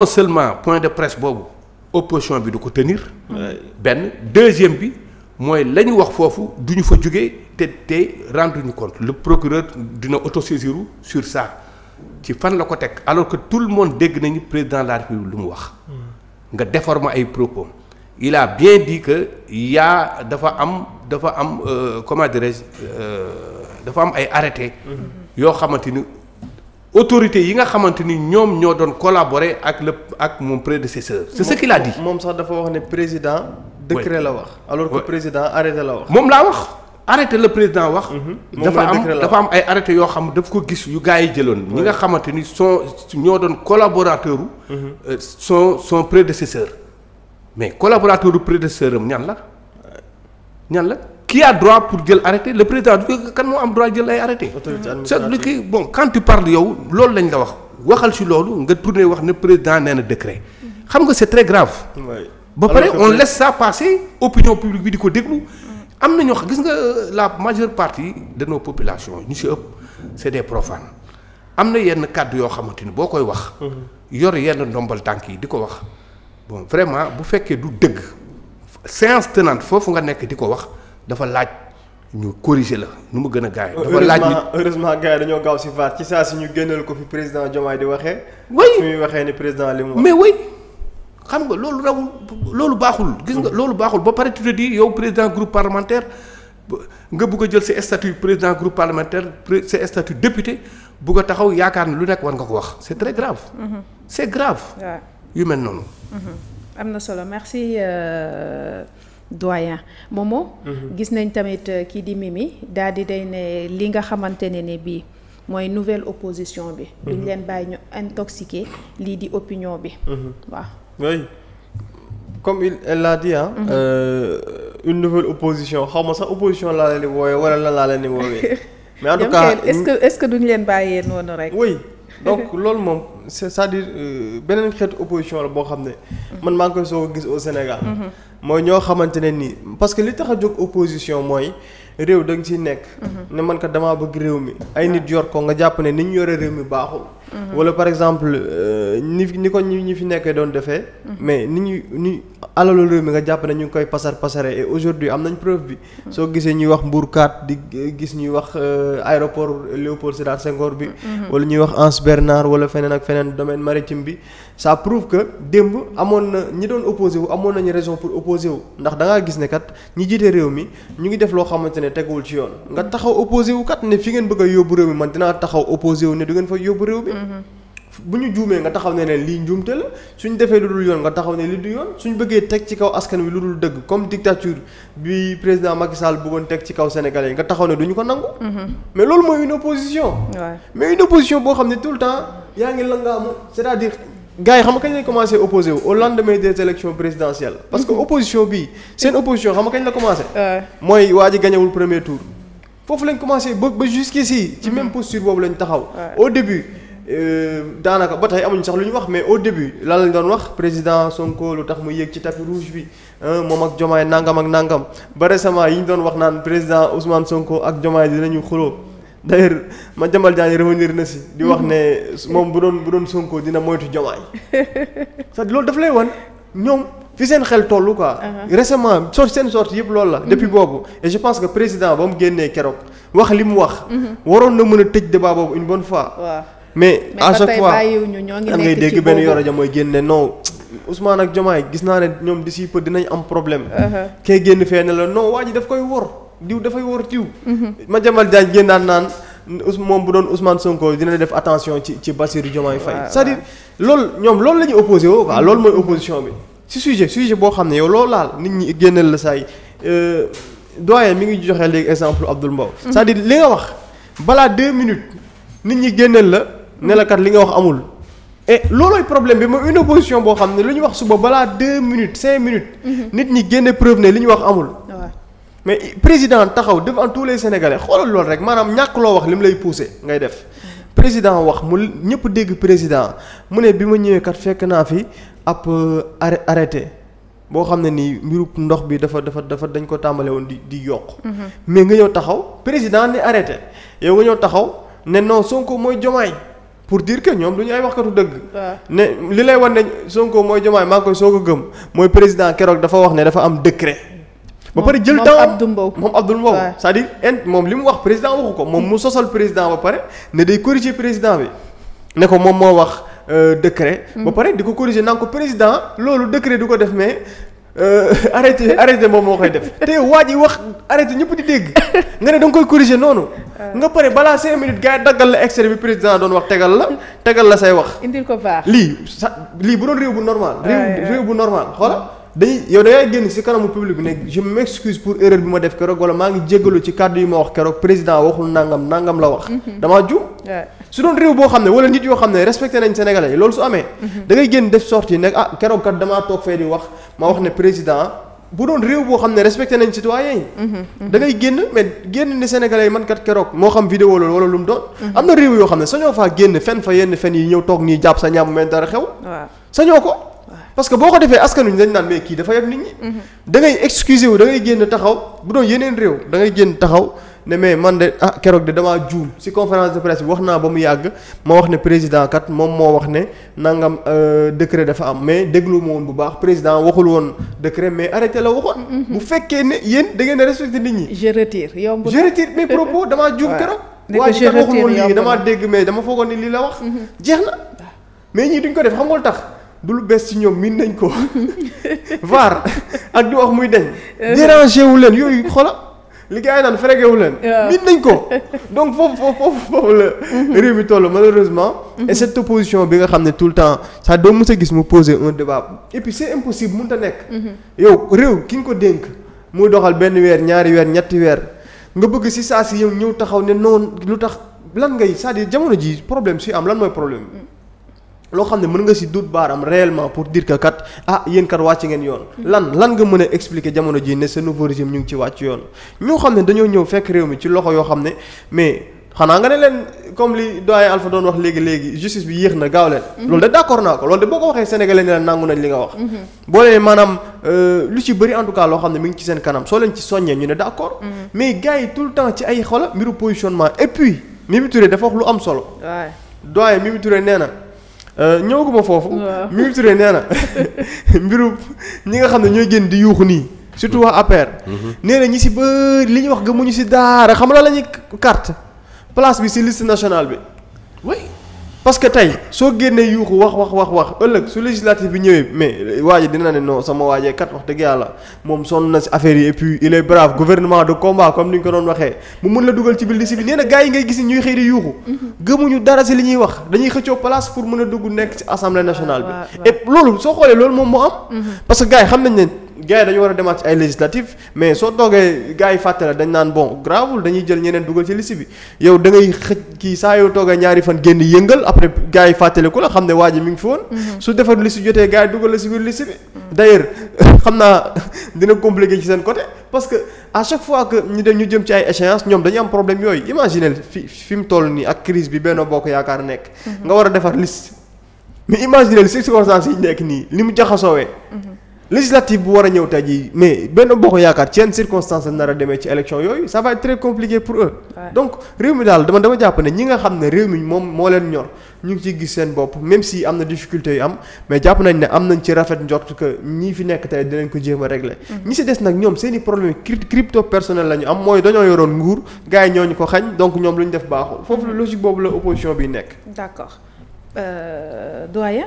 non seulement point de presse boobu opposition bi du ko tenir. benn deuxième bi mooy lañu wax foofu duñu fa jóge te te rendre ñu compte le procureur dina autosaisir sur ça ci fan la ko teg alors que tout le monde dégg nañu président de la République lu mu wax. Mm. nga déformer ay propos il a bien di que yaa dafa am dafa am euh, comment dirais-je euh, dafa am ay arrêté. Mm-hmm. yoo xamante autorités yi nga xamante ni ñoom ñoo doon collaborer ak le ak mon prédécesseur. c'est ce qu'il a moom sax dafa wax ne président. décret la wax. alors président arrêté la wax. moom laa wax arrêté la président wax. Mhm. dafa am dafa am ay arrêté yoo xam daf ko gis gars yi jëloon. ñi nga xamante ni son ñoo doon collaborateur. Mhm. Euh, so son prédécesseur mais collaborateur du prédécesseur am ñan la ñan la. qui a droit pour jël arrêté le président du kan moo am droit jël ay arrêté. c'est kii bon quand tu yow loolu lañ la wax waxal si loolu nga tourné wax ne président nee na décret. xam nga c'est très grave. ba pare on laisse ça passer opinion publique bi di ko déglu. am na ñoo xam gis nga euh, la majeure partie danoo nos ñu si ëpp c'est des profanes am na yenn kàddu yoo xamante ni boo koy wax. Mhm. yor yenn ndombal tànk yi di ko wax bon vraiment bu fekkee du dëgg séance tenante foofu nga nekk di ko wax. dafa laaj ñu corriger la nu mu gën a gaaw. dafa laaj heureusement gars yi dañoo gaaw si VAR ci saa si ñu génneel ko fi président Diomaye di waxee. oui su ñuy waxee ni président li mu mais oui xam nga loolu rawul loolu baaxul. gis nga loolu baaxul ba pare tu te dis yow président groupe parlementaire nga bugg a jël sa statut président groupe parlementaire sa statut député bugg a taxaw yaakaar ne lu nekk war nga ko wax c'est très grave. Mm-hmm. c'est grave. yu mel noonu. Mm-hmm. am doyen Momo. Mhm. gis nañ tamit euh, kii di mi daal di day ne li nga xamante ne ni bii mooy nouvelle opposition bi. Mhm. duñ leen bàyyi ñu intoxiqué lii di opinion bi. Mhm. waaw oui comme il elle l'a dit ah. Euh, une nouvelle opposition xaw ma sax opposition laa la di woowee wala lan laa leen di woowee. mais en tout cas est-ce que est-ce que duñ leen bàyyee noonu rek. donc loolu moom cest sa dire euh, beneen xeetu opposition la boo xam ne. man maa koy soog gis au Sénégal. mooy ñoo xamante ne nii parce que li tax a jóg opposition mooy réew da nga ciy nekk. Mhm. ne man ko damaa bëgg réew mi. ay nit yor ko nga jàpp ne ni ñu yore réew mi baaxul. Mm-hmm. wala par exemple euh, ni ni ko ñi ñi fi nekkee doon defee. Mm-hmm. mais ni ñu ni alalu réew mi nga jàpp ne ñu ngi koy pasar pasare et aujourd'hui am nañ preuve bi. Mm-hmm. soo gisee ñuy wax Mbourkat di gis ñuy wax euh, aéroport Léopold Sédar Senghor bi. wala ñuy wax Anse Bernard wala feneen ak feneen domaine maritime bi ça prouve que démb amoon na ñi doon opposé wu amoon nañu raison pour opposé wu ndax da ngaa gis ne kat ñi jiite réew mi ñu ngi def loo xamante ne teguwul wu kat ne a yóbbu réew mi man dinaa taxaw opposé wu ne du ngeen fa yóbbu réew mi. bu ñu juumee nga taxaw ne ne lii njuumte la suñ defee lu dul yoon nga taxaw ne li du yoon suñ bëggee teg ci kaw askan wi lu dul dëgg comme dictature bi président Macky Sall bëggoon teg ci kaw sénégalais yi nga taxaw ne duñu ko nangu. Mm-hmm. mais loolu mooy une opposition. mais une opposition boo xam ne tout le temps yaa ngi langaamu c'est-à-dire gars xam nga kañ lay commencé opposé wu au lendemain des élections présidentielles. parce que mm-hmm. opposition bii seen opposition xam nga kañ la mooy waa ji gañewul premier foofu lañ commencé ba ba jusqu'ici ci mm-hmm. même posture boobu lañ taxaw. au Euh, daanaka ba tey amuñ sax lu ñu wax mais au début lan lañ doon wax président Sonko lu tax mu yéeg ci tapis rouge bi moom ak Jomaay nangam ak nangam ba récemment yi ñu doon wax naan président Ousmane Sonko ak Jomaay dinañu xuloo d'ailleurs ma jamal jaan Diagne revenir na si. di wax ne moom bu doon bu doon Sonko dina moytu Jomaay c'est loolu daf lay wan ñoom fi seen xel tollu quoi. Uh-huh. récemment soo seen sorte yëpp loolu la. Mm-hmm. depuis boobu et je pense que président ba mu génnee keroog wax li mu wax. Mm-hmm. waroon na mën a tëj débat boobu une bonne mais à chaque fois da ngay dégg benn yoro ja mooy génne non Ousmane ak Diomaye gis naa ne ñoom d'ici peu dinañ am problème. Uh-huh. kee génn fee ne la non waa ji daf koy wor diw dafay wor diw. Mm-hmm. ma jamal Diagne génnaan naan Ous moom bu doon Ousmane Sonko dina def attention ci ci Bassirou Diomaye Faye. c'est-à-dire ñoom loolu la ñuy opposé woo quoi mm-hmm. loolu mooy opposition bi. si sujet sujet boo xam ne yow loolu laal nit ñi génneel la saay euh, doyen mi ngi joxe léegi exemple Abdoul Mbow. Mm-hmm. c'est-à-dire li nga wax balaa deux minutes nit ñi génneel la. ne li nga wax amul. et loolooy problème bi mooy une opposition boo xam ne lu ñu wax suba balaa deux minutes cinq minutes. Mhm. nit ñi génne preuve ne li ñu wax amul. mais président taxaw devant tous les sénégalais xoolal loolu rek maanaam ñàkk loo wax li mu lay poussé ngay def. président wax mu ñëpp dégg président mu ne bi ma ñëwee kat fekk naa fi ab euh, arrêté boo xam ne nii mbiru ndox bi dafa dafa dafa dañ ko tàmbale woon di di yokk. Mhm. mais nga ñëw taxaw président arrêté yow nga ñëw taxaw ne non Sonko mooy Jomaay. pour diir que ñoom du ñu ay waxkatu dëgg. ne li lay wan ne Sonko mooy Diomaye maa ngi koy soog a gëm mooy président keroog dafa wax ne dafa am décret. ba pare jël temps moom Abdou Mbow. moom Abdou Mbow c'est-à-dire moom li mu wax président waxu ko moom mu hmm. sosal président ba pare ne day corriger président bi ne ko moom moo wax euh, décret. Hmm. ba pare di ko corriger naan ko président loolu décret du ko def mais. Euh, arrêté arrêté moom moo koy def te waa ji wax arrêté ñëpp di dégg nga ne da koy corriger noonu. Euh. nga pare balaa cinq minutes gars yi daggal la extrait bi président doon wax tegal la tegal la say wax. indil ko baax lii sa lii bu doon réew bu normal. réew réew bu normal xoola dañuy yow da ngay génn ci kanamu public bi ne je m'excuse pour erreur bi ma def keroog wala maa ngi jéggalu ci kàddu yi ma wax keroog président waxul nangam nangam la wax. Mhm. damaa juum. su doon réew boo xam ne wala nit yoo xam ne respecté nañ Sénégalais loolu su amee. Mhm. da ngay génn def sortie ne ah keroog kat damaa toog fee di wax ma wax ne président. bu doon réew boo xam ne respecté nañ citoyen yi mhm, da ngay génn mais génn ni sénégalais yi man keroog moo xam vidéo loolu wala lu mu doon am na réew yoo xam ne sañoo faa génn fen fa yenn fen yi ñëw toog nii jàpp sa ñàmm mais dara xew sañoo ko parce que boo ko defee askanuñ dañ naan mais kii dafa yab nit ñi. Mhm. da ngay wu da génn taxaw bu doon yeneen réew da ngay génn taxaw ne mais man de ah keroog de damaa juum si conférence de wax naa ba mu yàgg ma wax ne président kat moom moo wax ne nangam euh, décret dafa am mais déglu ma bu baax président waxul woon décret mais arrêté la waxoon. Mhm. bu fekkee ne yéen da ngeen a respecté nit ñi. je retire yomb na je retire mes propos damaa juum keroog. waa ji kat waxul woon lii damaa dégg mais dama foogoon ni lii la wax. Mhm. jeex na mais ñii duñ ko def xam nga lu tax. du lu bees ci ñoom miin nañ ko vaar ak di wax muy deñ euh. dérangé wu leen yooyu xoola li gars naan frégué wu leen. miin nañ ko donc foofu foofu foofu la mhm. réew mi toll malheureusement. et mhm. cette opposition bi nga xam ne tout le temps ça doo mës a gis mu poser un débat et puis c'est impossible mënut a nekk. Mhm. yow réew ki nga ko dénk muy doxal benn weer ñaari weer ñetti weer nga bëgg si saa si yow ñëw taxaw ne noonu lu tax lan ngay cest à jamono ji problème si am lan mooy problème. loo xam ne mën nga si dut baaram réellement pour dire que kat ah yéen kat wàcc ngeen yoon. lan lan nga mën a expliquer jamono jii ne ce nouveau régime ñu ngi ci wàcc yoon ñoo xam ne dañoo ñëw fekk réew mi ci loxo yoo xam ne mais xanaa nga ne leen comme li doyen Alpha doon wax léegi léegi justice bi yéex na gaaw leen. Mhm. loolu de d'accord naa ko loolu de boo ko waxee sénégalais ne leen nangu nañ li nga wax. Mhm. boo maanaam euh, lu ci bëri en tout cas loo xam ne mi ngi ci seen kanam soo leen ci ñu ne d'accord. Mhm. mais gars yi tout le temps ci ay xola mbiru positionnement lu am solo. doyen Mimi Touré nee na Euh, ñëwaguma foofu. waaw Mimi Touré nee na mbiru ñi nga xam ne ñooy génn di yuuxu nii. surtout waa APR. Mhm. nee na ñi si bëri li ñuy wax gëmuñu si daara xam la la ñuy carte place bi si liste nationale bi. parce que tey soo génnee yuuxu wax wax wax wax ëllëg su législative bi ñëwee mais waa ji dina ne non sama waajee kat wax dëgg yàlla moom sonn na si affaire yi et puis il est brave combat comme ni ñu ko doon waxee mu mun la dugal ci bi nee na gars yi ngay gis ñuy xëy di yuuxu mm-hmm. gëmuñu dara si li ñuy wax dañuy xëccoo place pour mën a dugg nekk ci assemblée nationale bi et loolu soo xoolee loolu moom moo am mm-hmm. parce que gars yi xam nañ ne gars yi dañu war a demaat ci ay législatif mais soo toogee gars yi dañ naan bon grawul dañuy jël ñeneen dugal ci liste bi yow da ngay xëj kii saa yoo toogee ñaari fan génn yëngal après gars yi fàttaliku la xam ne waa ji mi ngi fi woon mhm. su defar liste jotee gars yi dugal la si biir liste bi d'ailleurs xam naa dina compliqué ci seen côté parce que à chaque fois que ñu dem ñu jëm ci ay échéance ñoom dañu am problème yooyu imaginez fi fi mu toll nii ak crise bi benn Bokk Yaakaar nekk mhm. nga war a defar liste mais imaginez circonstances yi nekk nii li mu jaxasoowee mhm. législative bu war a ñëw tey jii mais benn boo ko yaakaar ci yenn circonstance la nar a demee ci élection yooyu ça va être très compliqué pour eux. Ouais. donc réew mi daal dama dama jàpp ne ñi nga xam ne réew mi moom moo leen ñor ñu ngi ciy gis seen bopp même si am na difficulté yi am mais jàpp nañ ne am nañ ci rafet njort que ñii fi nekk tey dinañ ko jéem a régler. Mm-hmm. ñi si des nag ñoom seeni i problème crypto personnel la ñu am mooy dañoo yoroon nguur gars yi ñoo ñu ko xañ donc ñoom lu ñu def baaxul foofu la logique boobu la opposition bi nekk. d'accord euh, doyen.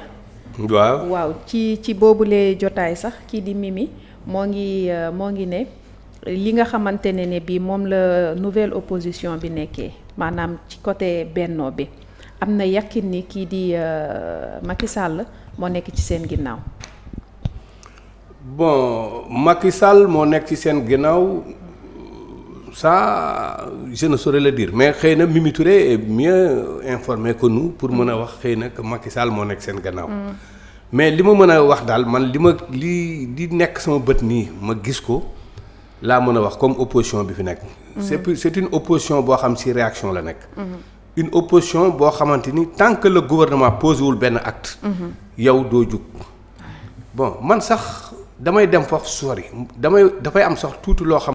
waaw waaw ci ci boobule jotaay sax kii di Mimi moo ngi euh, moo ngi ne li nga xamante ne ne bii moom la nouvelle opposition bi nekkee maanaam ci côté benno bi am na yàqin ni kii di euh, Macky sàll moo nekk ci seen ginnaaw. bon Macky Sall moo nekk ci seen ginnaaw. ça je ne saurais la dire mais xëy na Mimi Touré est mieux informé que nous pour mën a wax xëy na que Macky moo nekk seen gannaaw. mais li ma mën a wax daal man li ma li di nekk sama bët nii ma gis ko laa mën a wax comme opposition bi fi nekk. c'est c'est une opposition boo xam ci réaction la nekk. une opposition boo xamante ni tant que le gouvernement posé wul benn acte. yow doo jug bon man sax damay dem foofu sori damay dafay am sax tuuti loo xam.